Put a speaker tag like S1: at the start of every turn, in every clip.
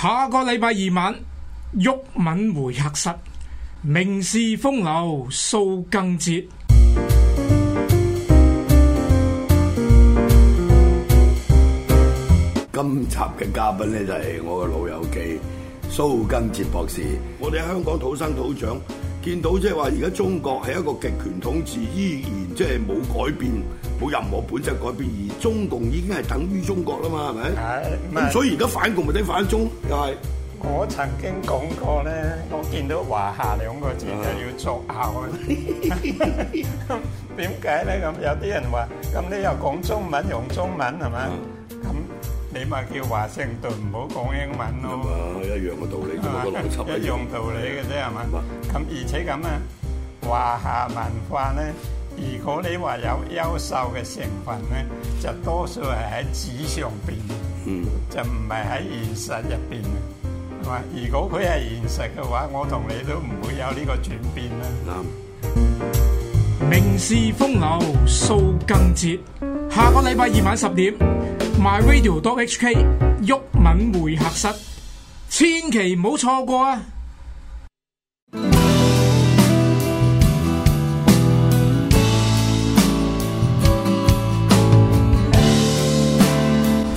S1: 下個禮拜二晚，毓民會客室，名士風流蘇賡哲。今集嘅嘉賓咧就係我嘅老友記蘇賡哲博士。我哋喺香港土生土長，見到即係話而家中國係一個極權統治，依然即係冇改變。冇任何本質改變，而中共已經係等於中國啦嘛，係咪？係。咁所以而家反共咪等於反中，又係。我曾經講過咧，我見到華夏兩個字就要作嘔。點解咧？咁有啲人話，咁你又講中文用中文係嘛？咁你咪叫華盛頓唔好講英文咯。一樣嘅道理，一樣道理嘅啫，係嘛？咁而且咁啊，華夏文化咧。如果你話有優秀嘅成分咧，就多數係喺紙上邊，就唔係喺現實入邊。係嘛？如果佢係現實嘅話，我同你都唔會有呢個轉變啦。明史風流，蘇賡哲。下個禮拜二晚十點，myradio.hk 毓民會客室，千祈唔好錯過啊！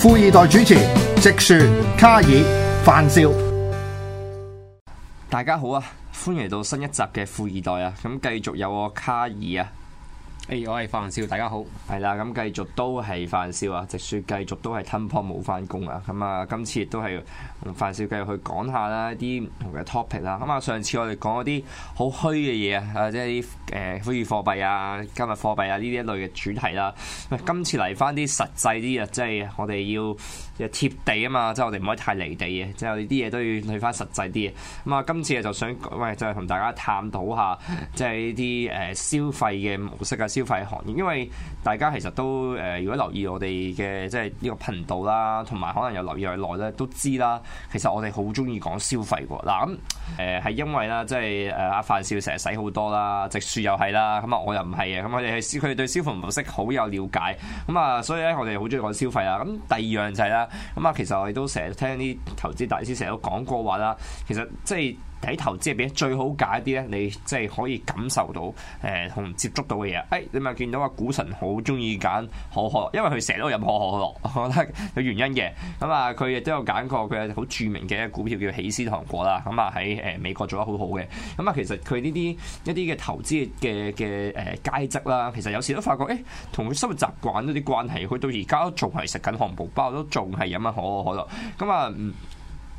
S1: 富易袋主持，直船卡爾范少，大家好啊，歡迎嚟到新一集嘅富易袋啊，咁繼續有我卡爾啊。誒，hey, 我係范少，大家好。係啦，咁、 嗯、繼續都係范少啊，直説繼續都係吞泡冇翻工啊。咁啊，今次亦都係范少繼續去講一下啦，啲唔同嘅 topic 啦。咁啊，上次我哋講嗰啲好虛嘅嘢、嗯、啊，即係啲誒虛擬貨幣啊、加密貨幣啊呢啲一類嘅主題啦。今次嚟翻啲實際啲啊，即係我哋要。貼地啊嘛，即係我哋唔可以太離地嘅，即係我哋啲嘢都要去返實際啲嘅。咁啊，今次啊就想，喂、哎，再、就、同、是、大家探討下，即係呢啲誒消費嘅模式啊，消費行業，因為大家其實都誒、呃，如果留意我哋嘅即係呢個頻道啦，同埋可能又留意我哋耐咧，都知啦。其實我哋好中意講消費喎。嗱咁誒係因為啦，即係阿范少成日使好多啦，直樹又係啦，咁啊我又唔係嘅，咁我哋佢對消費模式好有了解。咁啊，所以咧我哋好中意講消費啦。咁第二樣就係、是、咧。咁啊，其實我哋都成日聽啲投資大師成日都講過話啦，其實即係。睇投資係邊最好揀一啲咧？你即係可以感受到誒同接觸到嘅嘢。誒、哎、你咪見到個股神好中意揀可可，因為佢成日都飲可可樂，我覺得有原因嘅。咁、嗯、啊，佢亦都有揀過佢好著名嘅股票叫喜詩糖果啦。咁啊喺誒美國做得好好嘅。咁、嗯、啊，其實佢呢啲一啲嘅投資嘅嘅誒階級啦，其實有時都發覺誒，同佢生活習慣一啲關係。佢到而家都仲係食緊漢堡包，都仲係飲緊可可可樂。咁、嗯、啊，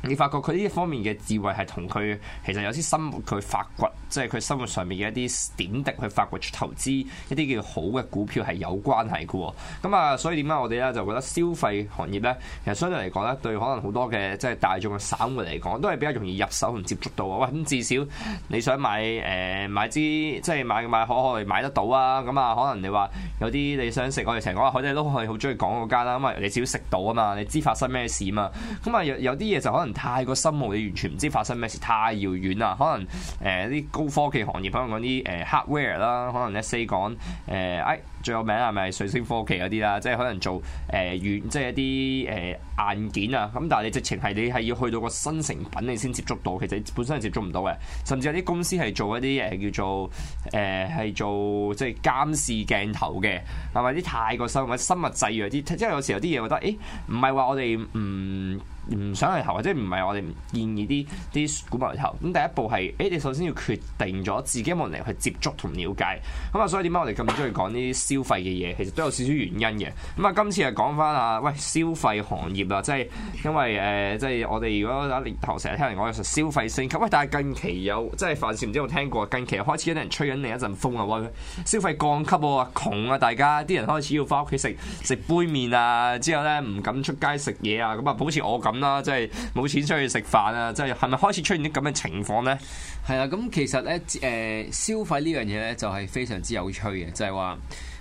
S1: 你發覺佢呢一方面嘅智慧係同佢其實有啲生活佢發掘，即係佢生活上面嘅一啲點滴去發掘出投資一啲叫好嘅股票係有關係嘅喎。咁啊，所以點解我哋咧就覺得消費行業咧，其實相對嚟講咧，對可能好多嘅即係大眾嘅散戶嚟講，都係比較容易入手同接觸到啊。喂，咁至少你想買誒、呃、買支即係買買可可係買得到啊。咁啊，可能你話有啲你想食，我哋成日講啊，海底撈都係好中意講嗰間啦。因為，你至少食到啊嘛，你知發生咩事啊嘛。咁啊，有有啲嘢就可能。太過深奧，你完全唔知發生咩事，太遙遠啦。可能誒啲、呃、高科技行業，hardware, 可能講啲誒 hardware 啦，可能 let's say 講誒，最有名係咪水星科技嗰啲啦？即係可能做誒軟、呃，即係一啲誒、呃、硬件啊。咁但係你直情係你係要去到個新成品你先接觸到，其實本身係接觸唔到嘅。甚至有啲公司係做一啲誒叫做誒係、呃、做即係監視鏡頭嘅，係咪啲太過深奧，生物生物製藥啲？即係有時有啲嘢覺得，誒唔係話我哋唔。嗯唔想去投，或者唔係我哋建議啲啲股民去投。咁第一步係，誒、欸、你首先要決定咗自己有冇能力去接觸同了解。咁啊，所以點解我哋咁中意講呢啲消費嘅嘢，其實都有少少原因嘅。咁啊，今次係講翻啊，喂消費行業啊，即係因為誒、呃，即係我哋如果，年頭成日聽人講實消費升級。喂，但係近期有即係范少唔知有冇聽過，近期開始有啲人吹緊另一陣風啊，話消費降級啊、哦，窮啊，大家啲人開始要翻屋企食食杯麵啊，之後咧唔敢出街食嘢啊，咁啊，好似我咁。咁啦，即係冇錢出去食飯啊！即係係咪開始出現啲咁嘅情況呢？係啊，咁其實咧誒、呃、消費呢樣嘢咧，就係非常之有趣嘅，就係話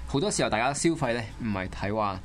S1: 好多時候大家消費咧，唔係睇話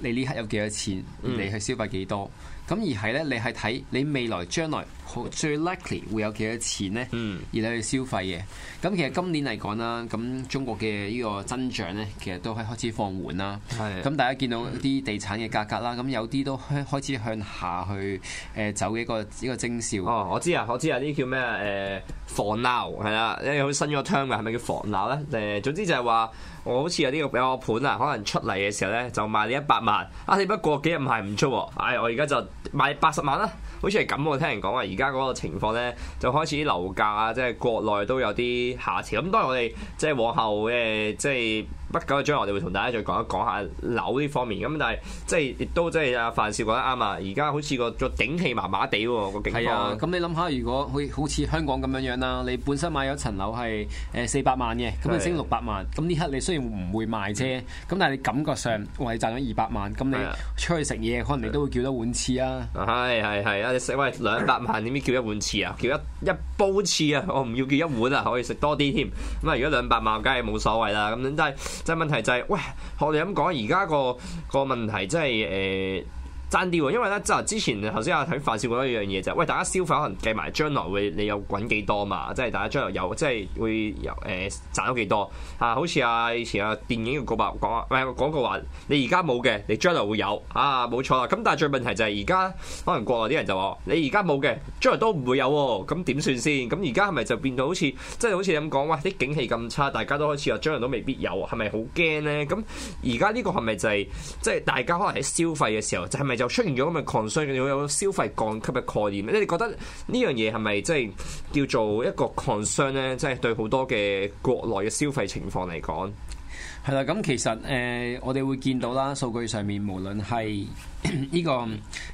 S1: 你呢刻有幾多錢，嗯、你去消費幾多。咁而係咧，你係睇你未來將來好最 likely 會有幾多錢咧，嗯、而你去消費嘅。咁其實今年嚟講啦，咁中國嘅呢個增長咧，其實都係開始放緩啦。咁係大家見到啲地產嘅價格啦，咁、嗯、有啲都開始向下去誒走呢個呢、呢個徵兆。哦，我知啊，我知啊，啲叫咩誒房鬧係啊，即係好新咗個 term 㗎，係咪叫房鬧咧？誒，總之就係話我好似有啲、呢、嘅、個、有個盤啊，可能出嚟嘅時候咧就賣你一百萬，啊，不過幾日唔係唔出喎，唉，我而家就。賣八十萬啦，好似係咁喎。我聽人講話，而家嗰個情況咧，就開始樓價啊，即係國內都有啲下調。咁當然我哋即係往後誒，即係。不久將來，我哋會同大家再講一講一下樓呢方面。咁但係即係亦都即係阿范少講得啱啊！而家好似個個,頂般般個景氣麻麻地喎個景。係啊！咁你諗下，如果好似香港咁樣樣啦，你本身買咗層樓係誒四百萬嘅，咁你升六百萬，咁呢係啊刻你雖然唔會賣啫，咁但係你感覺上話你賺咗二百萬，咁你出去食嘢可能你都會叫多碗翅啊！係係係啊！你食喂兩百萬點點叫一碗翅啊？叫一一煲翅啊！我唔要叫一碗啊，可以食多啲添。咁啊，如果兩百萬梗係冇所謂啦，咁真係。即係問題、就係，就係喂，我哋咁講，而家個個問題，即係誒。爭啲喎，因為咧就之前頭先啊睇范少講一樣嘢就，喂大家消費可能計埋將來會你有滾幾多嘛，即係大家將來有即係會有誒、欸、賺到幾多啊？好似啊以前啊電影嘅告白講，唔、哎、係講過話你而家冇嘅，你將來會有啊，冇錯啦。咁但係最問題就係而家可能國內啲人就話你而家冇嘅，將來都唔會有喎，咁點算先？咁而家係咪就變到好似即係好似你咁講，喂啲景氣咁差，大家都開始話將來都未必有，係咪好驚咧？咁而家呢個係咪就係、是、即係大家可能喺消費嘅時候就係咪、是？就出現咗咁嘅 concern 嘅有消費降級嘅概念，你哋覺得呢樣嘢係咪即係叫做一個 concern 咧？即、就、係、是、對好多嘅國內嘅消費情況嚟講，係啦。咁其實誒、呃，我哋會見到啦，數據上面無論係呢、這個誒、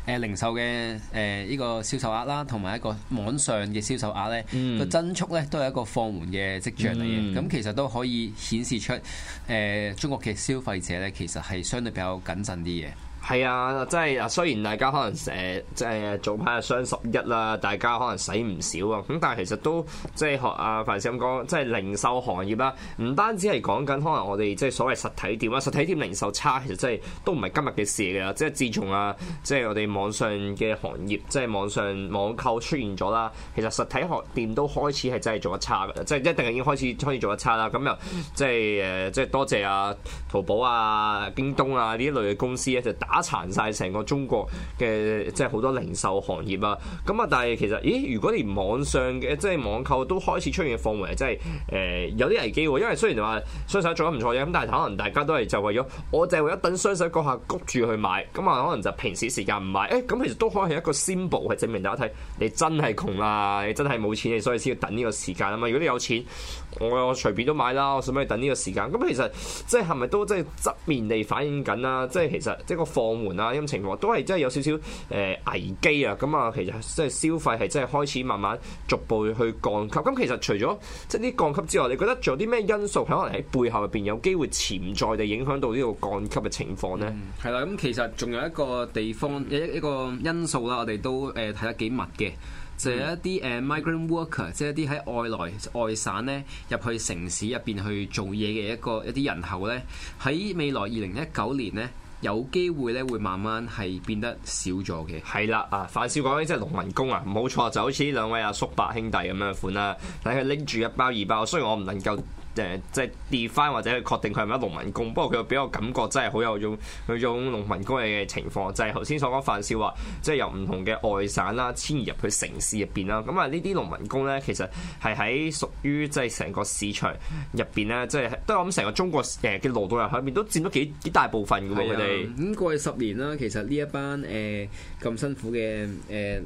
S1: 呃、零售嘅誒呢個銷售額啦，同埋一個網上嘅銷售額咧，個、嗯、增速咧都係一個放緩嘅跡象嚟嘅。咁、嗯、其實都可以顯示出誒、呃、中國嘅消費者咧，其實係相對比較謹慎啲嘅。係啊，即係雖然大家可能誒即係早排雙十一啦，大家可能使唔少啊，咁但係其實都即係學阿范少咁講，即係、啊、零售行業啦，唔單止係講緊可能我哋即係所謂實體店啦，實體店零售差其實即係都唔係今日嘅事嚟嘅，即係自從啊即係我哋網上嘅行業，即係網上網購出現咗啦，其實實體學店都開始係真係做得差嘅，即係一定係已經開始開始做得差啦。咁又即係誒，即係、呃、多謝啊，淘寶啊、京東啊呢一類嘅公司咧，就打殘晒成個中國嘅，即係好多零售行業啊。咁啊，但係其實，咦？如果連網上嘅，即係網購都開始出現放緩，即係誒、呃、有啲危機。因為雖然話雙十一做得唔錯嘅，咁但係可能大家都係就為咗我淨係為咗等雙十一嗰下焗住去買，咁啊可能就平時時間唔買誒。咁其實都可以係一個 symbol 係證明大家睇你真係窮啦，你真係冇錢，你所以先要等呢個時間啊嘛。如果你有錢。我我隨便都買啦，我使唔使等呢個時間？咁、嗯、其實即係係咪都即係側面地反映緊啦、啊？即係其實即係個放緩啊，呢種情況都係真係有少少誒危機啊！咁、嗯、啊，其實即係消費係真係開始慢慢逐步去降級。咁、嗯、其實除咗即係啲降級之外，你覺得仲有啲咩因素喺可能喺背後入邊有機會潛在地影響到呢個降級嘅情況呢？係啦、嗯，咁、嗯、其實仲有一個地方一一個因素啦，我哋都誒睇得幾密嘅。就有一啲誒 migrant worker，即係一啲喺外來外省咧入去城市入邊去做嘢嘅一個一啲人口咧，喺未來二零一九年咧有機會咧會慢慢係變得少咗嘅。係啦，啊， 范少講起即係農民工啊，冇 錯，就好似呢兩位阿叔伯兄弟咁樣款啦，但係佢拎住一包二包，雖然我唔能夠。誒即係 define 或者係確定佢係咪農民工，不過佢比較感覺真係好有種嗰種農民工嘅情況，就係頭先所講范少話，即係由唔同嘅外省啦、啊、遷移入去城市入邊啦，咁啊呢啲農民工咧其實係喺屬於即係成個市場入邊咧，即係都係我諗成個中國誒嘅勞動力入面都佔咗幾幾大部分嘅喎，佢哋。咁過去十年啦，其實呢一班誒咁、呃、辛苦嘅誒。呃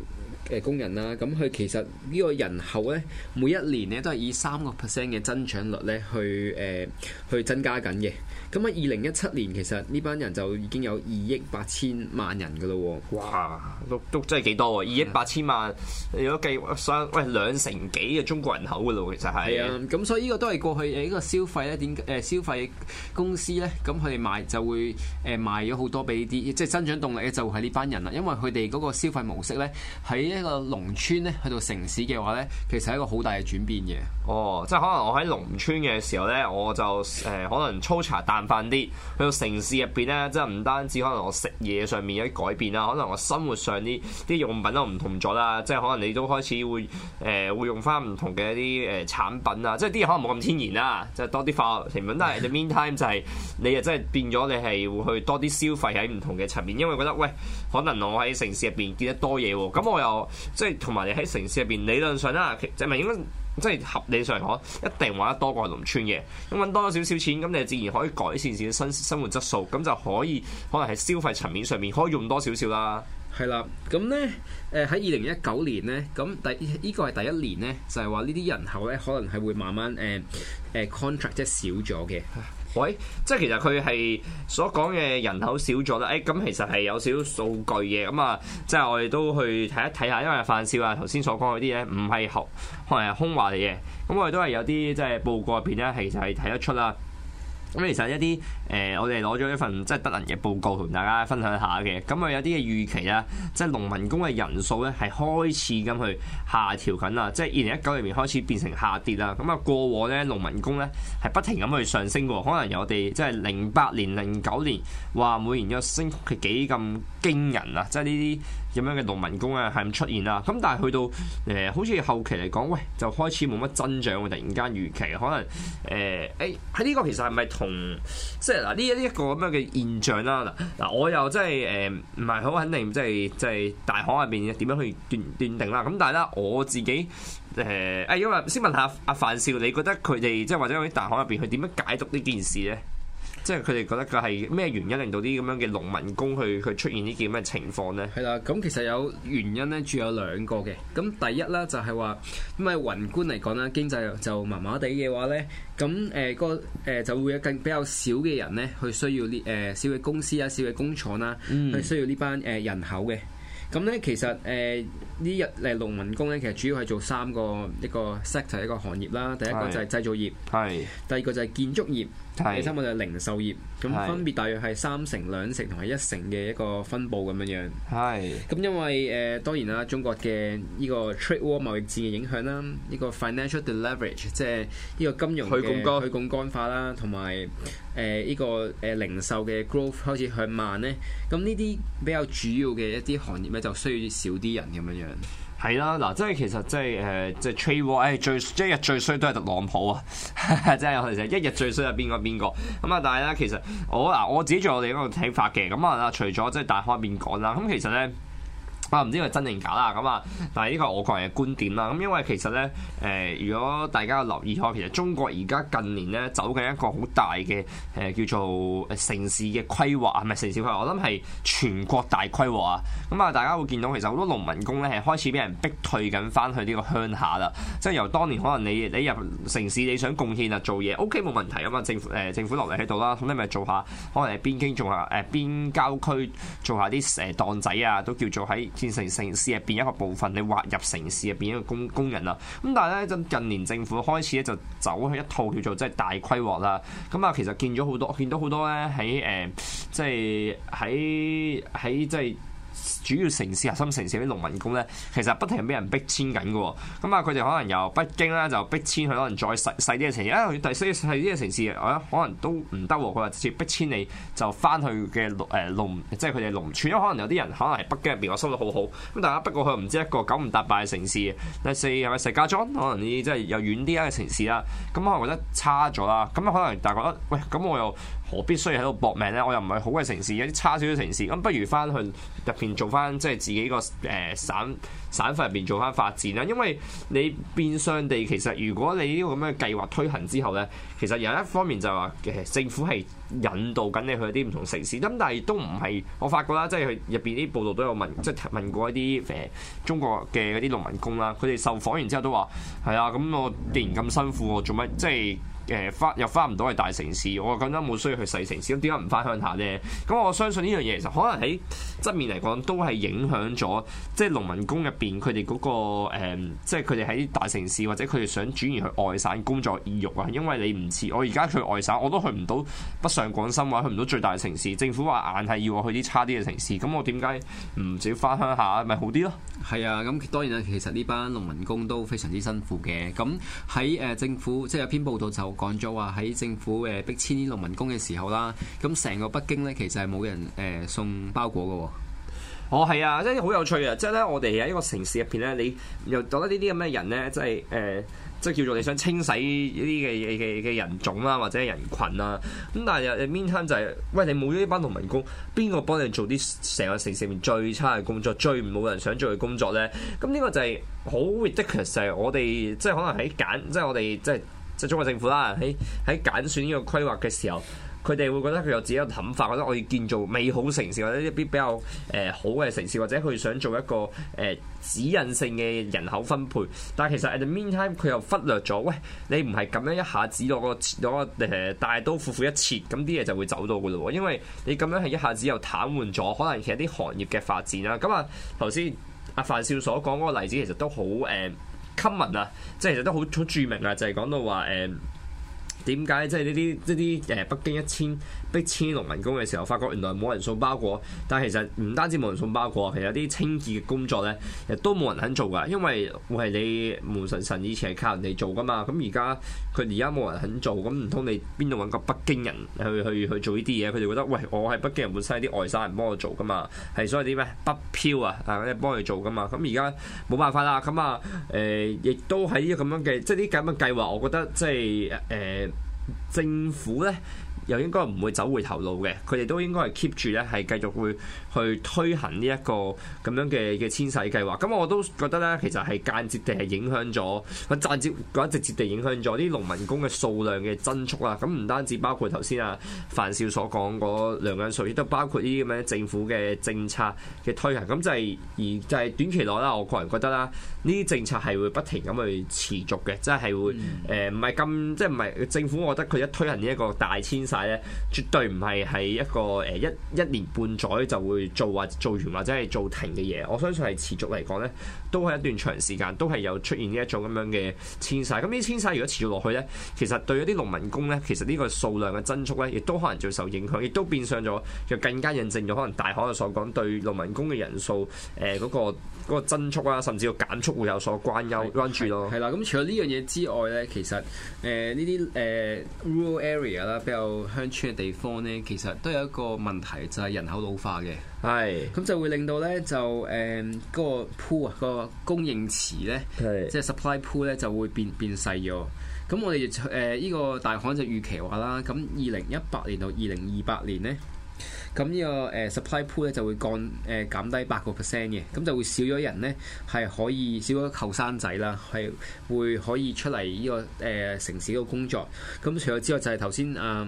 S1: 嘅工人啦，咁佢其實呢個人口咧，每一年咧都係以三個 percent 嘅增長率咧去誒、呃、去增加緊嘅。咁啊！二零一七年其實呢班人就已經有二億八千萬人噶咯喎！哇，都都真係幾多喎！二億八千萬，如果的計上，喂兩成幾嘅中國人口噶咯，其實係。啊，咁所以呢個都係過去誒，依、呢個消費咧點誒消費公司咧，咁佢哋賣就會誒賣咗好多俾啲，即係增長動力咧就係呢班人啦。因為佢哋嗰個消費模式咧，喺一個農村咧去到城市嘅話咧，其實係一個好大嘅轉變嘅。哦，即係可能我喺農村嘅時候咧，我就誒、呃、可能粗茶慢飯啲，去到城市入邊咧，即係唔單止可能我食嘢上面有啲改變啦，可能我生活上啲啲用品都唔同咗啦，即係可能你都開始會誒、呃、會用翻唔同嘅一啲誒、呃、產品啊，即係啲嘢可能冇咁天然啦，即係多啲化學成分。但係 the meantime 就係你又真係變咗，你係會去多啲消費喺唔同嘅層面，因為覺得喂，可能我喺城市入邊見得多嘢喎，咁我又即係同埋你喺城市入邊理論上啦，其實咪應該？即係合理上可一定揾得多過農村嘅，咁揾多少少錢，咁你自然可以改善自己生生活質素，咁就可以可能係消費層面上面可以用多少少啦。係啦，咁咧誒，喺二零一九年咧，咁第呢個係第一年咧，就係話呢啲人口咧可能係會慢慢誒誒、呃、contract 即係少咗嘅。喂，即係其實佢係所講嘅人口少咗啦，誒、哎、咁其實係有少少數據嘅，咁、嗯、啊即係我哋都去睇一睇下，因為范少啊頭先所講嗰啲嘢唔係空，可能係空話嚟嘅，咁、嗯、我哋都係有啲即係報告入邊咧，其實係睇得出啦。咁其實一啲誒、呃，我哋攞咗一份即係德勤嘅報告同大家分享下嘅，咁、嗯、啊有啲嘅預期啦，即係農民工嘅人數咧係開始咁去下調緊啦，即係二零一九年入面開始變成下跌啦。咁、嗯、啊過往咧農民工咧係不停咁去上升喎，可能有我哋即係零八年、零九年嘩每年一個升幅係幾咁驚人啊，即係呢啲。咁樣嘅農民工啊，係咁出現啦。咁但係去到誒、呃，好似後期嚟講，喂，就開始冇乜增長喎。突然間預期，可能誒，喺、呃、呢、欸這個其實係咪同即係嗱呢一呢一個咁樣嘅現象啦？嗱嗱，我又真係誒，唔係好肯定，即係即係大行入邊點樣去斷斷定啦。咁但係咧，我自己誒，誒、呃、因為先問下阿范、啊、少，你覺得佢哋即係或者喺大行入邊佢點樣解讀呢件事咧？即係佢哋覺得佢係咩原因令到啲咁樣嘅農民工去去出現呢啲咁嘅情況咧？係啦，咁其實有原因咧，主要有兩個嘅。咁第一啦就，就係話咁啊，宏觀嚟講啦，經濟就麻麻地嘅話咧，咁誒、呃那個誒、呃、就會有更比較少嘅人咧，去需要呢誒少嘅公司啊，小嘅工廠啦，去、嗯、需要呢班誒人口嘅。咁咧其實誒呢一誒農民工咧，其實主要係做三個一個 sector 一個行業啦。第一個就係製造業，係是。第二個就係建築業。第三個就係零售業，咁分別大約係三成、兩成同埋一成嘅一個分佈咁樣樣。係咁，因為誒、呃、當然啦，中國嘅呢個 trade war 貿易戰嘅影響啦，呢、這個 financial deleverage 即係呢個金融去槓桿去槓桿化啦，同埋誒呢個誒零售嘅 growth 開始向慢咧。咁呢啲比較主要嘅一啲行業咧，就需要少啲人咁樣樣。係啦，嗱，即 係樂其實即係誒，即係 trade war，誒日最衰都係特朗普啊，即係可能就一日最衰係邊個邊個咁啊！但係咧，其實我嗱我自己仲有我哋嗰個睇法嘅，咁啊，除咗即係大方面講啦，咁其實咧。唔知係真定假啦，咁啊，但係呢個我個人嘅觀點啦。咁因為其實咧，誒，如果大家有留意開，其實中國而家近年咧走緊一個好大嘅誒叫做城市嘅規劃，係咪城市規劃？我諗係全國大規劃啊。咁啊，大家會見到其實好多農民工咧係開始俾人逼退緊翻去呢個鄉下啦。即係由當年可能你你入城市你想貢獻啊做嘢，OK 冇問題啊嘛。政誒政府落嚟喺度啦，咁你咪做下，可能係邊境做下誒邊郊區做下啲誒檔仔啊，都叫做喺。變成城市入邊一個部分，你劃入城市入邊一個工工人啦。咁但係咧，就近年政府開始咧，就走一套叫做即係大規劃啦。咁啊，其實見咗好多，見到好多咧喺誒，即係喺喺即係。主要城市核心城市啲農民工咧，其實不停俾人逼遷緊㗎喎。咁啊，佢哋可能由北京咧就逼遷去可能再細細啲嘅城市。啊，第四細啲嘅城市，我覺得可能都唔得。佢話直接逼遷你就翻去嘅農誒、呃、即係佢哋農村。因為可能有啲人可能喺北京入邊，我收得好好。咁但係不過佢又唔知一個九唔搭八嘅城市。第四係咪石家莊？可能呢，即係又遠啲嘅城市啦。咁、啊、我覺得差咗啦。咁、啊、可能大家覺得：「喂，咁我又何必需要喺度搏命咧？我又唔係好嘅城市，有啲差少少城市，咁不如翻去入邊做翻，即係自己個誒、呃、省省份入邊做翻發展啦。因為你變相地，其實如果你呢個咁嘅計劃推行之後咧。其實有一方面就係話政府係引導緊你去啲唔同城市，咁但係都唔係我發覺啦，即係佢入邊啲報道都有問，即係問過一啲、呃、中國嘅啲農民工啦，佢哋受訪完之後都話係啊，咁我既然咁辛苦，我做乜即係誒翻又翻唔到去大城市，我更加冇需要去細城市，點解唔翻鄉下呢？」咁我相信呢樣嘢其實可能喺側面嚟講都係影響咗，即係農民工入邊佢哋嗰個即係佢哋喺大城市或者佢哋想轉移去外省工作意欲啊，因為你唔我而家去外省，我都去唔到北上廣深或者去唔到最大嘅城市。政府話硬係要我去啲差啲嘅城市，咁我點解唔直接翻鄉下咪好啲咯？係啊，咁當然啊，其實呢班農民工都非常之辛苦嘅。咁喺誒政府，即係有篇報道就講咗話，喺政府誒逼遷啲農民工嘅時候啦，咁成個北京咧其實係冇人誒送包裹嘅。哦，係啊，即係好有趣啊！即係咧，我哋喺一個城市入邊咧，你又覺得呢啲咁嘅人咧，即係誒。呃即係叫做你想清洗呢啲嘅嘅嘅人種啦，或者人群啦，咁但係入入邊就係、是，喂，你冇咗呢班農民工，邊個幫你做啲成個城市面最差嘅工作、最冇人想做嘅工作咧？咁呢個就係好 ridiculous，就係、是、我哋即係可能喺揀，即、就、係、是、我哋即係即係中國政府啦，喺喺揀選呢個規劃嘅時候。佢哋會覺得佢有自己嘅個諗法，覺得我要建造美好城市，或者一啲比較誒、呃、好嘅城市，或者佢想做一個誒、呃、指引性嘅人口分配。但係其實 at the meantime，佢又忽略咗，喂，你唔係咁樣一下子攞個攞個誒大刀闊斧一切，咁啲嘢就會走到噶咯喎。因為你咁樣係一下子又癱瘓咗，可能其實啲行業嘅發展啦。咁啊，頭先阿范少所講嗰個例子其實都好誒、呃、common 啊，即係其實都好好著名啊，就係、是、講到話誒。呃點解即係呢啲呢啲誒北京一千、逼遷農民工嘅時候，發覺原來冇人送包裹，但係其實唔單止冇人送包裹，其實有啲清潔嘅工作咧，亦都冇人肯做㗎，因為會係你無神神以前係靠人哋做㗎嘛，咁而家。佢而家冇人肯做，咁唔通你邊度揾個北京人去去去做呢啲嘢？佢哋覺得，喂，我係北京人，本身係啲外省人幫我做噶嘛，係所謂啲咩北漂啊，啊，幫佢做噶嘛。咁而家冇辦法啦。咁啊，誒、呃，亦都喺呢啲咁樣嘅，即係啲咁樣計劃，我覺得即係誒、呃、政府咧。又應該唔會走回頭路嘅，佢哋都應該係 keep 住咧，係繼續會去推行呢一個咁樣嘅嘅遷徙計劃。咁我都覺得咧，其實係間接地係影響咗，間接直接地影響咗啲農民工嘅數量嘅增速啦。咁唔單止包括頭先啊范少所講嗰兩樣數字，都包括呢啲咁樣政府嘅政策嘅推行。咁就係、是、而就係短期內啦，我個人覺得啦。呢啲政策係會不停咁去持續嘅，即係會誒唔係咁，即係唔係政府。我覺得佢一推行呢一個大遷徙咧，絕對唔係係一個誒、呃、一一年半載就會做或做完或者係做停嘅嘢。我相信係持續嚟講咧，都係一段長時間，都係有出現呢一種咁樣嘅遷徙。咁呢啲遷徙如果持續落去咧，其實對一啲農民工咧，其實呢個數量嘅增速咧，亦都可能就會受影響，亦都變相咗就更加印證咗可能大行我所講對農民工嘅人數誒嗰、呃嗰個嗰個嗰個增速啊，甚至要減速。會有所關憂關注咯，係啦對。咁了除咗呢樣嘢之外咧，其實誒呢、呃、啲誒、呃、rural area 啦，比較鄉村嘅地方咧，其實都有一個問題就係、是、人口老化嘅，係咁對就會令到咧就誒嗰、呃那個 pool 啊，嗰個供應池咧，即係對 supply pool 咧就會變變細咗。咁我哋誒呢個大行就預期話啦，咁二零一八年到二零二八年咧。咁呢個誒 supply pool 咧就會降誒、呃、減低八個 percent 嘅，咁就會少咗人咧，係可以少咗後生仔啦，係會可以出嚟呢、這個誒、呃、城市嗰工作。咁除咗之外就，就係頭先阿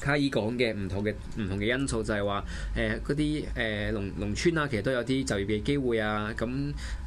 S1: 卡爾講嘅唔同嘅唔同嘅因素就，就係話誒嗰啲誒農農村啊，其實都有啲就業嘅機會啊。咁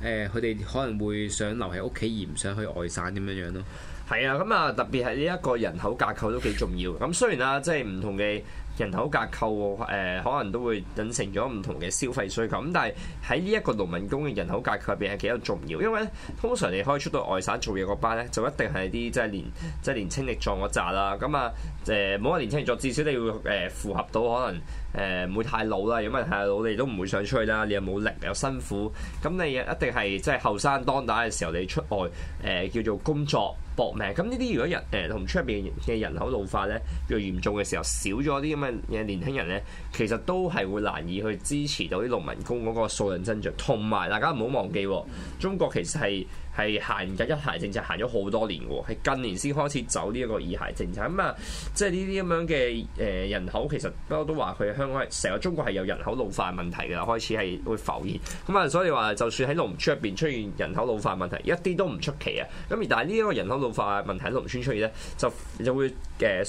S1: 誒佢哋可能會想留喺屋企而唔想去外省咁樣樣咯。係啊，咁啊特別係呢一個人口架構都幾重要。咁雖然啊，即係唔同嘅。人口結構喎，誒可能都會引成咗唔同嘅消費需求。咁但係喺呢一個農民工嘅人口結構入邊係幾有重要，因為通常你可以出到外省做嘢嗰班咧，就一定係啲即係年即係年輕力壯嗰扎啦。咁啊誒，冇話年輕力壯，至少你要誒、呃、符合到可能。誒唔、呃、會太老啦，如果太老你都唔會想出去啦，你又冇力又辛苦，咁你一定係即係後生當打嘅時候，你出外誒、呃、叫做工作搏命。咁呢啲如果人誒同出邊嘅人口老化咧越嚴重嘅時候，少咗啲咁嘅嘢年輕人咧，其實都係會難以去支持到啲農民工嗰個數量增長。同埋大家唔好忘記、哦，中國其實係。係行緊一孩政策，行咗好多年嘅喎，係近年先開始走呢一個二孩政策咁啊、嗯。即係呢啲咁樣嘅誒人口，呃、人口其實不嬲都話，佢香港係成個中國係有人口老化問題嘅，開始係會浮現咁啊、嗯。所以話，就算喺農村入邊出現人口老化問題，一啲都唔出奇啊。咁而但係呢一個人口老化問題喺農村出現咧，就就會誒、呃、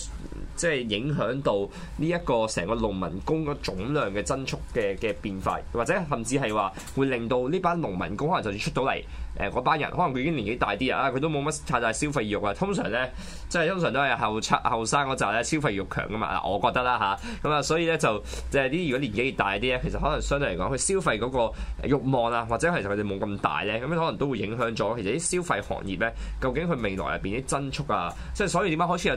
S1: 即係影響到呢一個成個農民工個總量嘅增速嘅嘅變化，或者甚至係話會令到呢班農民工可能就算出到嚟。誒嗰班人可能佢已經年紀大啲啊，佢都冇乜太大消費欲啊。通常咧，即係通常都係後、後生嗰陣咧，消費欲強噶嘛。我覺得啦吓咁啊，所以咧就即係啲如果年紀大啲咧，其實可能相對嚟講，佢消費嗰個慾望啊，或者其實佢哋冇咁大咧，咁可能都會影響咗。其實啲消費行業咧，究竟佢未來入邊啲增速啊，即係所以點解好似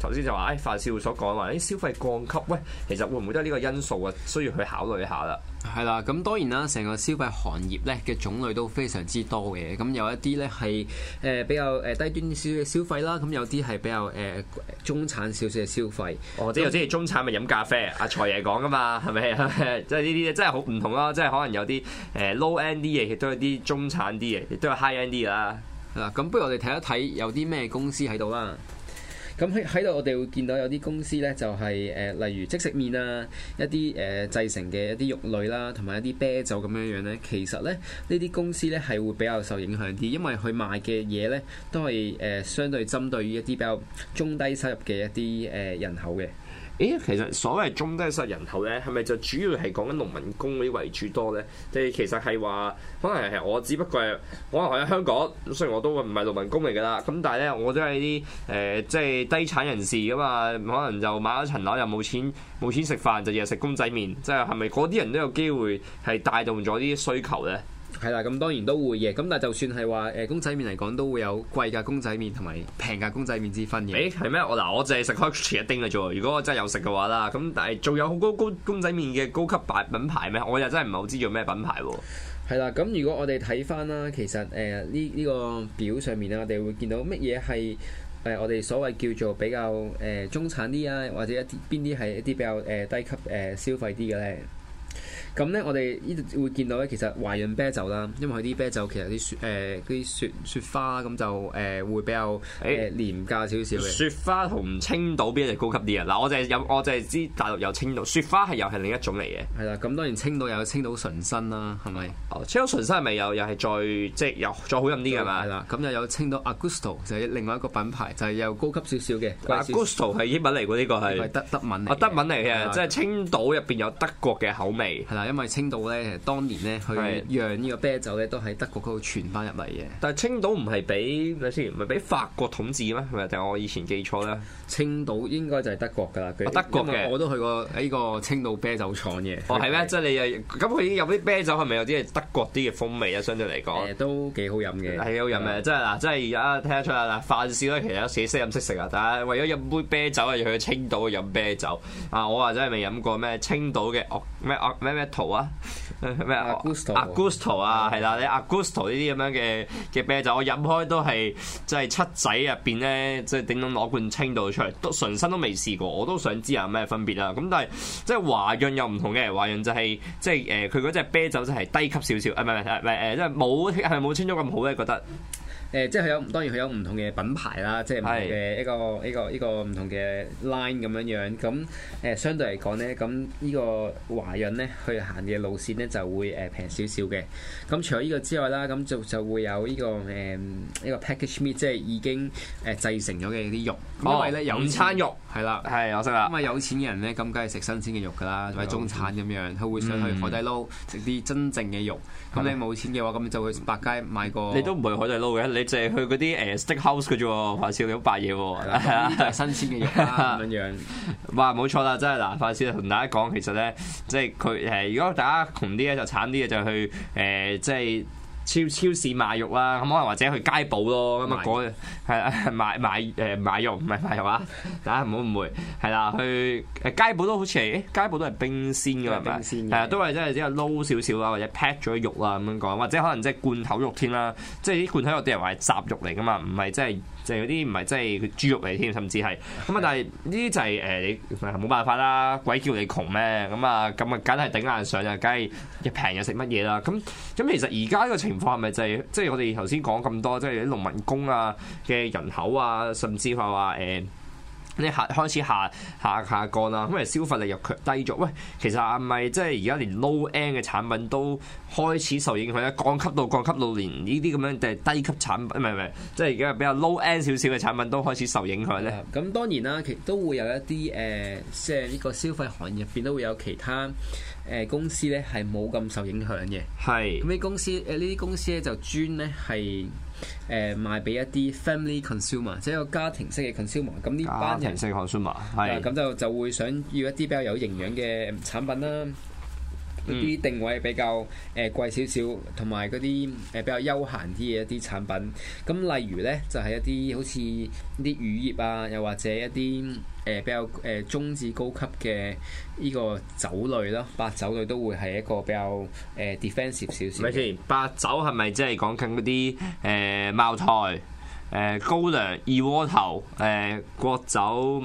S1: 頭先就話誒，范少所講話消費降級，喂，其實會唔會都係呢個因素啊？需要去考慮下啦、啊。係啦，咁當然啦，成個消費行業咧嘅種類都非常之多嘅，咁有一啲咧係誒比較誒低端少少嘅消費啦，咁有啲係比較誒中產少少嘅消費。呃、消費中哦，即係即係中產咪飲咖啡，阿財、 啊、爺講噶嘛，係咪？即係呢啲真係好唔同咯、啊，即係可能有啲誒 low end 啲嘅，亦都有啲中產啲嘅，都有 high end 啲啦。咁不如我哋睇一睇有啲咩公司喺度啦。咁喺喺度，我哋會見到有啲公司呢，就係、是、誒、呃，例如即食麵啊，一啲誒、呃、製成嘅一啲肉類啦、啊，同埋一啲啤酒咁樣樣呢。其實呢，呢啲公司呢，係會比較受影響啲，因為佢賣嘅嘢呢，都係誒、呃、相對針對於一啲比較中低收入嘅一啲誒人口嘅。咦、欸，其實所謂中低薪人口咧，係咪就主要係講緊農民工嗰啲為主多咧？定其實係話可能係我，只不過我係喺香港，雖然我都唔係農民工嚟㗎啦，咁但係咧，我都係啲誒即係低產人士㗎嘛，可能就買咗一層樓又冇錢冇錢食飯，就日日食公仔麵，即係係咪嗰啲人都有機會係帶動咗啲需求咧？係啦，咁當然都會嘅。咁但係就算係話誒公仔麵嚟講，都會有貴價公仔麵同埋平價公仔麵之分嘅。誒係咩？我嗱我就係食開一丁嘅啫喎。如果我真係有食嘅話啦，咁但係仲有好高高公仔麵嘅高級品牌咩？我又真係唔係好知做咩品牌喎。係啦，咁如果我哋睇返啦，其實誒呢呢個表上面啦，我哋會見到乜嘢係誒我哋所謂叫做比較誒、呃、中產啲啊，或者一啲邊啲係一啲比較誒、呃、低級誒、呃、消費啲嘅咧？咁咧，我哋呢度會見到咧，其實華潤啤酒啦，因為佢啲啤酒其實啲雪誒啲、呃、雪雪花咁就誒會比較誒、欸、廉價少少嘅。雪花同青島邊度高級啲啊？嗱，我、哦、就係飲，我就係知大陸有青島雪花，係又係另一種嚟嘅。係啦，咁當然青島又有青島純生啦，係咪？青島純生係咪又又係再即係又再好飲啲嘅係嘛？係啦。咁又有青島 Augusto 就係另外一個品牌，就係又高級少少嘅。Augusto 係英文嚟㗎，呢、這個係德德文。啊，德文嚟嘅，即係青島入邊有德國嘅口味。對因為青島咧，當年咧的去釀呢個啤酒咧，都喺德國嗰度傳翻入嚟嘅。但係青島唔係俾咩先？唔係俾法國統治嘅咩？係咪？定我以前記錯咧？青島應該就係德國㗎啦。德國嘅我都去過呢個青島啤酒廠嘅。的哦，係咩？即係你咁佢已經有啲啤酒，係咪有啲係德國啲嘅風味啊？相對嚟講，欸，都幾好飲嘅。係好飲嘅，即係嗱，即係而家聽得出啦。飯市啦，其實都識飲識食啊！但係為咗飲杯啤酒啊，要去青島飲啤酒啊！我話真係未飲過咩？青島嘅咩咩咩～圖啊，咩阿古斯阿圖啊，係啦、啊啊啊，你阿古斯圖呢啲咁樣嘅嘅啤酒我是是，我飲開都係即係七仔入邊咧，即係頂多攞罐清到出嚟，都純身都未試過，我都想知有咩分別啊。咁但係即係華潤又唔同嘅，華潤就係即係誒，佢嗰隻啤酒就係低級少少，誒唔係唔係唔係即係冇係冇清咗咁好咧？覺得。誒即係有當然佢有唔同嘅品牌啦，即係唔同嘅一個是一個一個唔同嘅 line 咁樣樣。咁誒相對嚟講咧，咁呢個華潤咧去行嘅路線咧就會誒平少少嘅。咁除咗呢個之外啦，咁就就會有呢、呢個誒依、嗯、個 package meat，即係已經誒製成咗嘅啲肉，哦、因為咧有餐肉、嗯。係啦，係我識啦。咁啊，有錢人咧，咁梗係食新鮮嘅肉噶啦，或者中產咁樣，佢會想去海底撈食啲、嗯、真正嘅肉。咁、嗯、你冇錢嘅話，咁就去百佳買個。你都唔係海底撈嘅，你淨係去嗰啲誒 steakhouse 嘅啫喎，范少你好白嘢喎。係啊，了 新鮮嘅肉啦、啊、咁 樣。哇，冇錯啦，真係嗱，范少同大家講，其實咧，即係佢誒，如果大家窮啲咧，就慘啲嘅，就去誒、呃，即係。超超市買肉啦，咁可能或者去街鋪咯，咁啊嗰係啊買、嗰個、買，買，買肉唔係買肉啊， 大家唔好誤會，係啦，去誒街鋪都好似誒，街鋪都係、欸、冰鮮㗎係咪？係啊的，都係真係只係撈少少啊，或者 pack 咗肉啊咁樣講，或者可能即係罐頭肉添啦，即係啲罐頭肉啲人話係雜肉嚟㗎嘛，唔係真係。就係嗰啲唔係即係豬肉嚟添，甚至係咁啊！但係呢啲就係、是、誒、呃，你冇辦法啦，鬼叫你窮咩？咁啊，咁啊，梗係頂硬上嘅，梗係又平又食乜嘢啦？咁、嗯、咁、嗯、其實而家個情況係咪就係、是、即係我哋頭先講咁多，即係啲農民工啊嘅人口啊，甚至話誒。呃你下開始下下下降啦，咁啊消費力又低咗，喂，其實係咪即係而家連 low end 嘅產品都開始受影響咧？降級到降級到連呢啲咁樣嘅低級產品，唔係唔係，即係而家比較 low end 少少嘅產品都開始受影響咧？咁當然啦，其實都會有一啲誒，即係呢個消費行業入邊都會有其他誒、呃、公司咧，係冇咁受影響嘅。係咁啲公司誒，呢、呃、啲公司咧就專咧係。誒賣俾一啲 family consumer，即係個家庭式嘅 consumer，咁呢班人，家庭式 consumer，係咁就就會想要一啲比較有營養嘅產品啦。一啲、嗯、定位比較誒貴少少，同埋嗰啲誒比較休閒啲嘅一啲產品。咁例如咧，就係、是、一啲好似啲乳業啊，又或者一啲誒比較誒中至高級嘅呢個酒類咯，白酒類都會係一個比較誒 defensive 少少。唔係先，白酒係咪即係講緊嗰啲誒茅台？誒高粱、二鍋頭、誒國酒、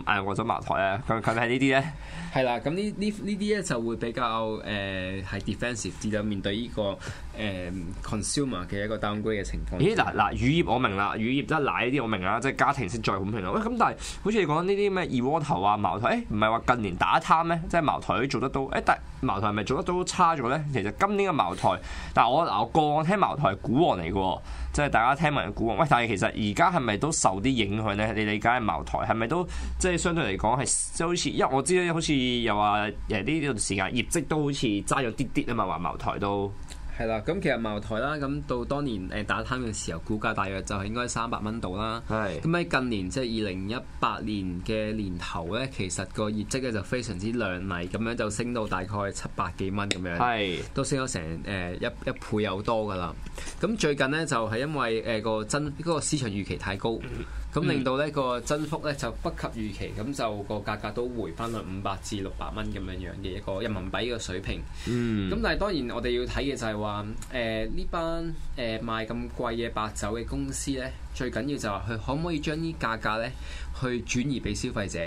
S1: 誒國酒茅台啊，佢佢係呢啲咧？係啦、嗯，咁呢呢呢啲咧就會比較誒係、呃、defensive 啲咯。面對呢、呢個誒、呃、consumer 嘅一個 downgrade 嘅情況。咦？嗱、呃、嗱，乳、呃、業我明啦，乳業即係奶啲我明啦，即係家庭先再好平啦。喂、哎，咁但係好似你講呢啲咩二鍋頭啊、茅台？誒唔係話近年打貪咩？即係茅台做得到？誒、欸、但茅台係咪做得到差咗咧？其實今年嘅茅台，但係我嗱個案聽茅台係股王嚟嘅。即係大家聽聞嘅股啊，喂！但係其實而家係咪都受啲影響咧？你理解係茅台係咪都即係相對嚟講係即係好似，因為我知咧，好似又話誒呢段時間業績都好似差咗啲啲啊嘛，話茅台都。係啦，咁其實茅台啦，咁到當年誒打貪嘅時候，股價大約就係應該三百蚊度啦。係。咁喺近年即係二零一八年嘅年頭咧，其實個業績咧就非常之靚麗，咁樣就升到大概七百幾蚊咁樣。係。是 都升咗成誒一、呃、一倍有多㗎啦。咁最近咧就係因為誒、呃那個增嗰、那個市場預期太高。嗯咁、嗯、令到呢個增幅咧就不及預期，咁就個價格都回翻去五百至六百蚊咁樣樣嘅一個人民幣嘅水平。嗯。咁但係當然我哋要睇嘅就係話，誒、呃、呢班誒、呃、賣咁貴嘅白酒嘅公司咧，最緊要就係佢可唔可以將呢價格咧去轉移俾消費者。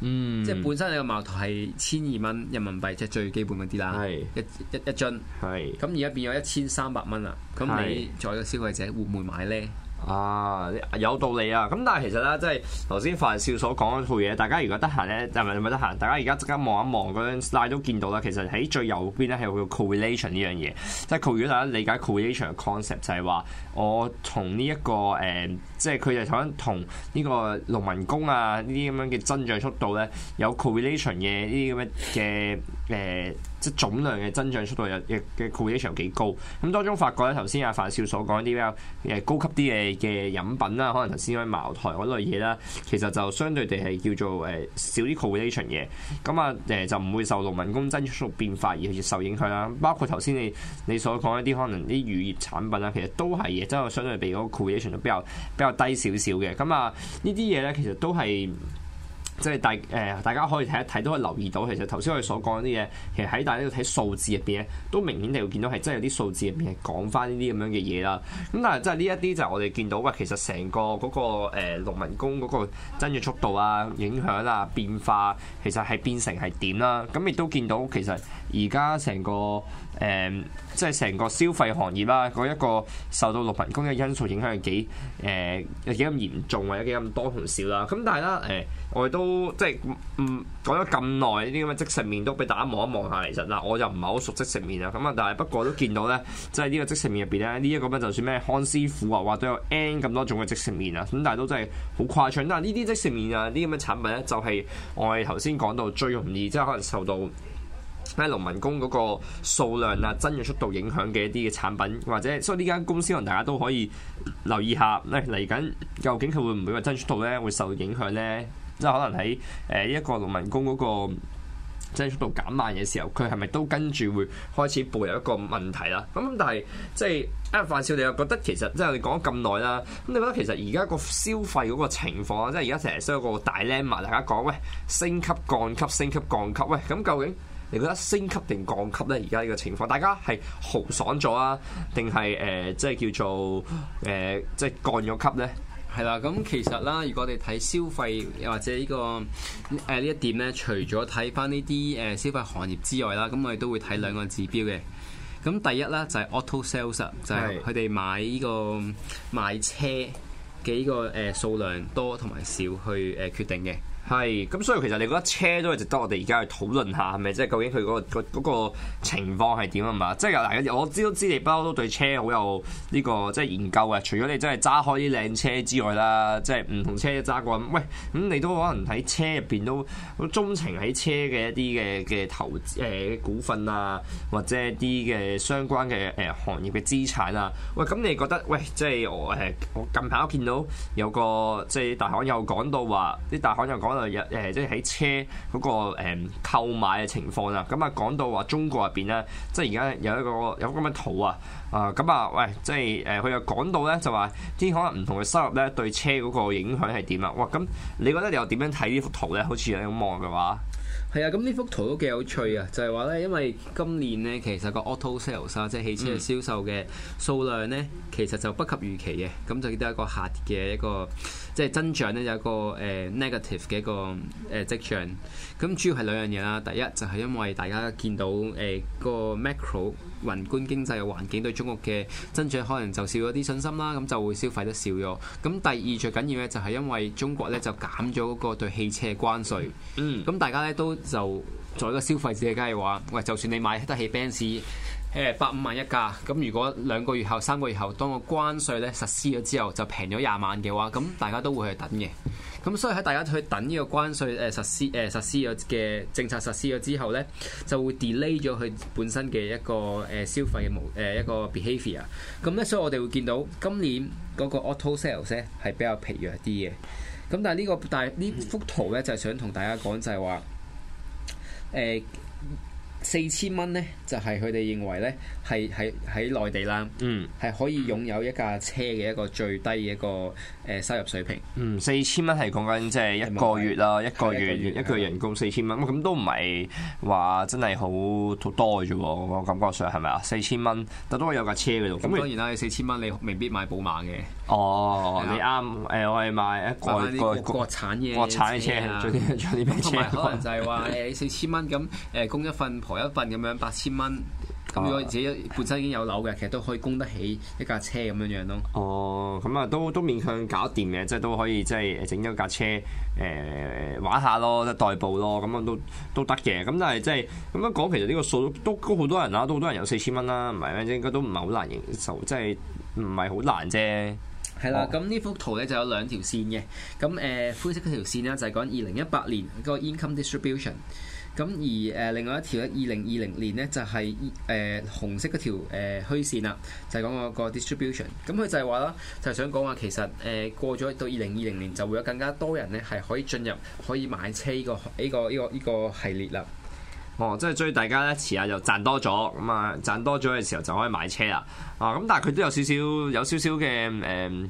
S1: 嗯。即係本身你個茅台係千二蚊人民幣，嗯、即係最基本嗰啲啦。係是。一一一樽。係是。咁而家變咗一千三百蚊啦。係。咁你作為個消費者會唔會買咧？啊，有道理啊！咁但係其實咧，即係頭先范少所講嗰套嘢，大家如果得閒咧，係咪咪得閒？大家而家即刻望一望嗰張 slide 都見到啦。其實喺最右邊咧係會有 correlation 呢樣嘢，即係如果大家理解 correlation 嘅 concept 就係話，我同呢、這、一個誒。嗯即係佢就想同呢個農民工啊呢啲咁樣嘅增長速度咧有 correlation 嘅呢啲咁嘅嘅誒即係總量嘅增長速度有嘅 correlation 有幾高？咁當中發覺咧，頭先阿范少所講啲比較誒高級啲嘅嘅飲品啦，可能頭先啲茅台嗰類嘢啦，其實就相對地係叫做誒、呃、少啲 correlation 嘅。咁啊誒就唔會受農民工增長速度變化而受影響啦。包括頭先你你所講一啲可能啲乳業產品啦，其實都係嘅，即係相對比嗰個 correlation 都比較。比較。低少少嘅，咁啊呢啲嘢咧，其實都係即係大誒，大家可以睇一睇，都可以留意到。其實頭先我哋所講啲嘢，其實喺大家度睇數字入邊咧，都明顯地會見到係真係有啲數字入邊係講翻呢啲咁樣嘅嘢啦。咁但係即係呢一啲就係我哋見到，喂，其實成個嗰個誒農民工嗰個增長速度啊、影響啊、變化，其實係變成係點啦？咁亦都見到其實而家成個。誒、嗯，即係成個消費行業啦，嗰一個受到農民工嘅因素影響係幾誒、呃、幾咁嚴重或者幾咁多同少啦。咁但係咧，誒、呃，我哋都即係唔、嗯、講咗咁耐呢啲咁嘅即食麵都俾大家望一望下。其實嗱，我就唔係好熟即食麵啊。咁啊，但係不過都見到咧，即係呢個即食麵入邊咧，呢、這、一個品就算咩康師傅啊，話都有 N 咁多種嘅即食麵啊。咁但係都真係好誇張。但係呢啲即食麵啊，呢啲咁嘅產品咧，就係我哋頭先講到最容易即係可能受到。喺農民工嗰個數量啊，增長速度影響嘅一啲嘅產品，或者所以呢間公司，可能大家都可以留意下。誒嚟緊究竟佢會唔會個增長速度咧會受影響咧？即係可能喺誒一個農民工嗰個增長速度減慢嘅時候，佢係咪都跟住會開始步入一個問題啦？咁但係即係誒，范少你又覺得其實即係你講咗咁耐啦。咁你覺得其實而家個消費嗰個情況啊，即係而家成日都有個大冷物，大家講喂，升級降級，升級降級，喂咁究竟？你覺得升級定降級咧？而家呢個情況，大家係豪爽咗啊，定係誒即係叫做誒、呃、即係降咗級咧？係啦，咁其實啦，如果我哋睇消費或者呢、這個誒呢、呃、一點咧，除咗睇翻呢啲誒消費行業之外啦，咁我哋都會睇兩個指標嘅。咁第一啦，就係、是、auto sales，就係佢哋買呢、這個買車嘅呢個誒數量多同埋少去誒決定嘅。係，咁、嗯、所以其實你覺得車都係值得我哋而家去討論下，係咪？即係究竟佢嗰、那個嗰、那個情況係點啊嘛？即係嗱，我知道知你不嬲都對車好有呢、這個即係研究嘅。除咗你真係揸開啲靚車之外啦，即係唔同車揸過。喂，咁你都可能喺車入邊都好鍾情喺車嘅一啲嘅嘅投誒、欸、股份啊，或者一啲嘅相關嘅誒、欸、行業嘅資產啊。喂，咁你覺得喂，即係我誒、欸、近排我見到有個即係大行有講到話，啲大行有講。誒，即係喺車嗰個誒購買嘅情況啦。咁、嗯、啊，講到話中國入邊咧，即係而家有一個有咁嘅圖啊。啊、呃，咁、嗯、啊，喂，即係誒，佢、呃、又講到咧，就話啲可能唔同嘅收入咧，對車嗰個影響係點啊？哇！咁你覺得你又點樣睇呢幅圖咧？好似有咁望嘅話。係啊，咁呢幅圖都幾有趣啊。就係話咧，因為今年呢，其實個 auto sales 啊，即係汽車嘅銷售嘅數量咧，嗯、其實就不及預期嘅。咁就見到一個下跌嘅一個。即係增長咧有一個誒、uh, negative 嘅一個誒跡象，咁、uh, 主要係兩樣嘢啦。第一就係因為大家見到誒、uh, 個 macro 宏觀經濟嘅環境對中國嘅增長可能就少咗啲信心啦，咁就會消費得少咗。咁第二最緊要咧就係因為中國咧就減咗嗰個對汽車嘅關稅，嗯、mm，咁、hmm. 大家咧都就作為一個消費者，梗係話喂，就算你買得起 Benz。誒百五萬一架。咁、欸、如果兩個月後、三個月後，當個關稅咧實施咗之後，就平咗廿萬嘅話，咁大家都會去等嘅。咁所以喺大家去等呢個關稅誒實施誒、呃、實施咗嘅政策實施咗之後咧，就會 delay 咗佢本身嘅一個誒、呃、消費嘅模誒、呃、一個 behavior。咁咧，所以我哋會見到今年嗰個 auto sales 咧係比較疲弱啲嘅。咁但係、這、呢個但係呢幅圖咧就係、是、想同大家講就係話誒。呃四千蚊咧，就係佢哋認為咧，係喺喺內地啦，係可以擁有一架車嘅一個最低嘅一個誒收入水平。嗯，四千蚊係講緊即係一個月啦，一個月一個月人工四千蚊，咁都唔係話真係好好多咋喎。我感覺上係咪啊？四千蚊，但都係有架車嘅喎。咁當然啦，你四千蚊你未必買寶馬嘅。哦，你啱誒，我係買一個國國產嘅國產車，做啲做啲咩車？可能就係話誒，四千蚊咁誒，供一份。攞一份咁樣八千蚊，咁如果自己本身已經有樓嘅，其實都可以供得起一架車咁樣樣咯。哦，咁啊都都勉強搞掂嘅，即係都可以即係整一架車誒、欸、玩下咯，即代步咯，咁啊都都得嘅。咁但係即係咁樣講，其實呢個數都高好多人啦、啊，都好多人有四千蚊啦，唔係咩？即應該都唔係好難接受，即係唔係好難啫。係啦、嗯，咁呢幅圖咧就有兩條線嘅，咁誒、呃、灰色嗰條線咧就係、是、講二零一八年嗰個 income distribution。咁而誒、呃、另外一條咧，二零二零年呢，就係、是、誒、呃、紅色嗰條誒、呃、虛線啦，就係、是、講個個 distribution。咁佢就係話啦，就係、是、想講話其實誒、呃、過咗到二零二零年就會有更加多人呢，係可以進入可以買車呢、這個依、這個依、這個依、這個系列啦。哦，即係追大家咧遲下就賺多咗，咁啊賺多咗嘅時候就可以買車啦。啊，咁但係佢都有少少有少少嘅誒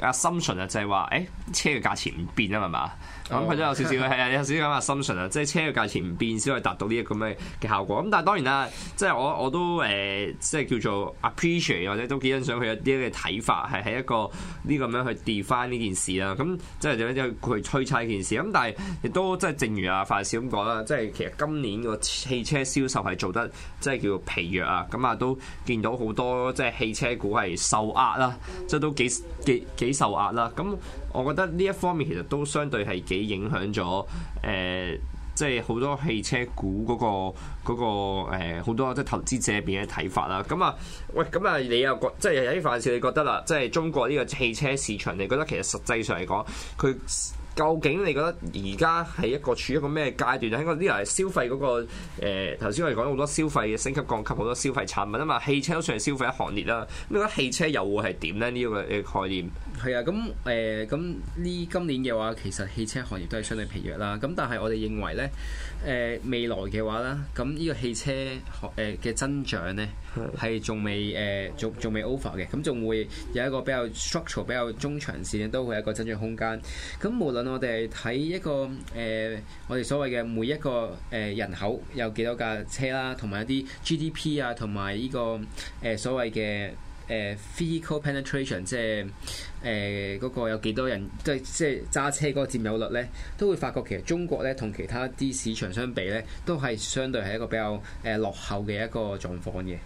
S1: assumption 啊，嗯、就係話誒車嘅價錢唔變啊，係嘛？咁佢都有少少係啊，有少少咁嘅 assumption 啊，即係車嘅價錢唔變先可以達到呢一個咁嘅嘅效果。咁但係當然啦，即係我我都誒、呃，即係叫做 appreciate 或者都幾欣賞佢一啲嘅睇法，係喺一個呢咁樣去 define 呢件事啦。咁即係就一啲去推測件事。咁但係亦都即係正如阿范少咁講啦，即係其實今年個汽車銷售係做得即係叫做疲弱啊。咁、嗯、啊都見到好多即係汽車股係受壓啦，即係都幾幾幾受壓啦。咁、嗯。嗯我覺得呢一方面其實都相對係幾影響咗，誒、呃，即係好多汽車股嗰、嗰個嗰好、嗰個呃、多即係投資者入邊嘅睇法啦。咁啊，喂，咁啊，你又覺得即係有啲凡事你覺得啦，即係中國呢個汽車市場，你覺得其實實際上嚟講，佢。究竟你覺得而家係一個處於一個咩階段？喺、個呢個係消費嗰個誒，頭先我哋講好多消費嘅升級降級，好多消費產品啊嘛，汽車都算係消費行列啦。咁你覺得汽車又會係點咧？呢、呢個概念係啊，咁誒，咁呢今年嘅話其實汽車行業都係相對疲弱啦。咁但係我哋認為咧，誒、呃、未來嘅話咧，咁呢個汽車誒嘅增長咧係仲未誒仲仲未 over 嘅，咁仲會有一個比較 structural 比較中長線都會有一個增長空間，咁無論。我哋睇一個誒、呃，我哋所謂嘅每一個誒、呃、人口有幾多架車啦，同埋一啲 GDP 啊，同埋呢個誒、呃、所謂嘅誒、呃、vehicle penetration，即係誒嗰個有幾多人即係即係揸車嗰個佔有率咧，都會發覺其實中國咧同其他啲市場相比咧，都係相對係一個比較誒落後嘅一個狀況嘅。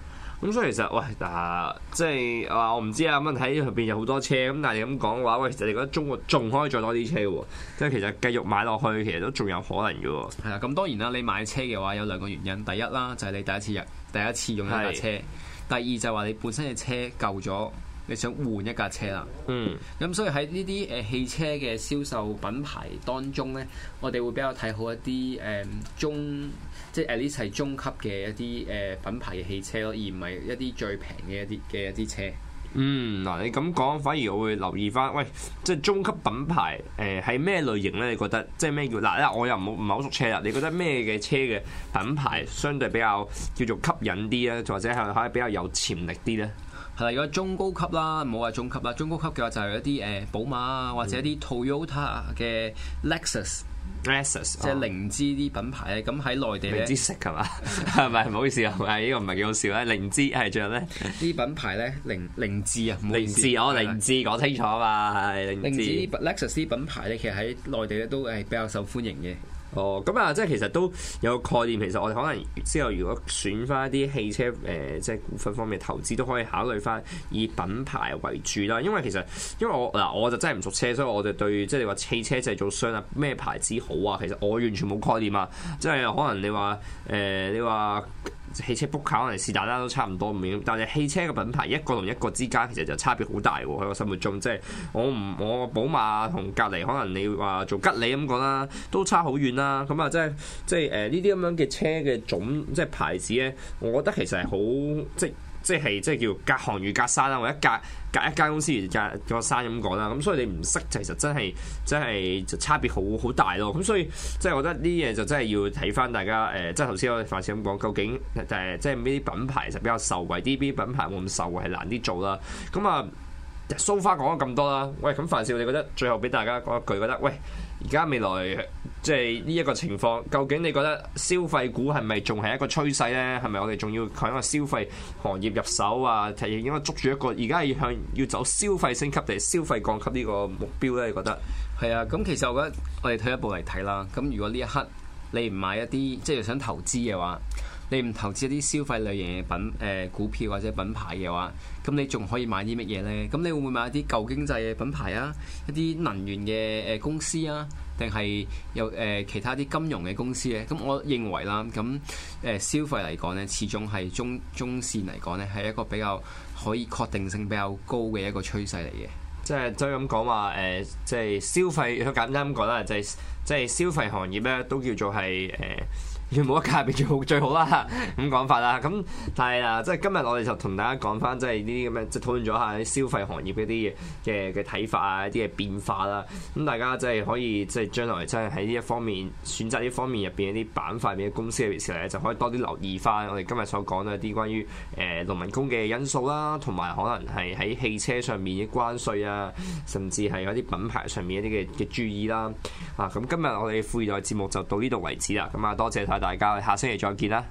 S1: 咁、嗯、所以其實喂，但即係話、呃、我唔知啊。問題入邊有好多車咁，但係你咁講嘅話，喂，其實你覺得中國仲可以再多啲車喎，即係其實繼續買落去，其實都仲有可能嘅喎、 嗯。啦，咁當然啦，你買的車嘅話有兩個原因，第一啦就係、是、你第一次入，第一次用一架車；是第二就係話你本身嘅車舊咗。你想換一架車啦，嗯，咁所以喺呢啲誒汽車嘅銷售品牌當中咧，我哋會比較睇好一啲誒中，即係誒呢次中級嘅一啲誒品牌嘅汽車咯，而唔係一啲最平嘅一啲嘅一啲車。嗯，嗱你咁講，反而我會留意返，喂，即係中級品牌誒係咩類型咧？你覺得即係咩叫嗱咧？我又唔唔係好熟車啦，你覺得咩嘅車嘅品牌相對比較叫做吸引啲咧，或者係可以比較有潛力啲咧？係啦，如果中高級啦，唔好話中級啦，中高級嘅話就係一啲誒、呃、寶馬啊，或者一啲 Toyota 嘅 Lexus、Lexus、mm. 即係凌志啲品牌咧。咁喺內地咧，凌志識係嘛？係咪唔好意思啊？係呢個唔係幾好笑咧。凌志係仲有咧，啲品牌咧凌凌志啊，凌志我凌志講清楚啊嘛。係凌志 Lexus 品牌咧，其實喺內地咧都係比較受歡迎嘅。哦，咁啊、嗯，即係其實都有個概念，其實我哋可能之後如果選翻一啲汽車誒、呃，即係股份方面投資都可以考慮翻以品牌為主啦。因為其實因為我嗱，我就真係唔熟車，所以我就對即係你話汽車製造商啊，咩牌子好啊，其實我完全冇概念啊。即係可能你話誒、呃，你話。汽車 book 考、er，可能是但啦，都差唔多咁樣。但係汽車嘅品牌一個同一個之間其實就差別好大喎。喺我心目中，即係我唔我寶馬同隔離可能你話做吉利咁講啦，都差好遠啦。咁啊、即係，即係即係誒呢啲咁樣嘅車嘅種即係、即係、牌子咧，我覺得其實係好即係。即係即係即係叫隔行如隔山啦，或者隔隔一間公司隔山，隔個山咁講啦，咁所以你唔識，其實真係真係差別好好大咯，咁所以即係我覺得呢啲嘢就真係要睇翻大家誒、呃，即係頭先我范少咁講，究竟誒、呃、即係呢啲品牌其實比較受惠，啲啲品牌冇咁受惠係難啲做啦，咁啊。蘇花講咗咁多啦，喂，咁范少，你覺得最後俾大家講一句，覺得喂，而家未來即係呢一個情況，究竟你覺得消費股係咪仲係一個趨勢呢？係咪我哋仲要向一個消費行業入手啊？提應應該捉住一個而家係向要走消費升級定消費降級呢個目標呢？你覺得？係啊，咁其實我覺得我哋退一步嚟睇啦。咁如果呢一刻你唔買一啲，即係想投資嘅話。你唔投資一啲消費類型嘅品誒、呃、股票或者品牌嘅話，咁你仲可以買啲乜嘢咧？咁你會唔會買一啲舊經濟嘅品牌啊？一啲能源嘅誒、呃、公司啊？定係有誒、呃、其他啲金融嘅公司咧？咁我認為啦，咁誒、呃、消費嚟講咧，始終係中中線嚟講咧，係一個比較可以確定性比較高嘅一個趨勢嚟嘅。即係就咁講話誒，即、呃、係、就係、消費，簡單咁講啦，就係即係消費行業咧，都叫做係誒。呃最冇得揀，入邊好最好啦，咁 講法啦，咁但係啦，即係今日我哋就同大家講翻，即係呢啲咁樣，即係討論咗下啲消費行業嗰啲嘅嘅睇法啊，一啲嘅變化啦，咁大家即係可以即係將來真係喺呢一方面選擇呢方面入邊一啲板塊、面嘅公司嘅時候咧，就可以多啲留意翻我哋今日所講嘅一啲關於誒農民工嘅因素啦，同埋可能係喺汽車上面嘅關稅啊，甚至係有啲品牌上面一啲嘅嘅注意啦。啊，咁今日我哋富易袋節目就到呢度為止啦，咁啊，多謝大家。大家下星期再見啦！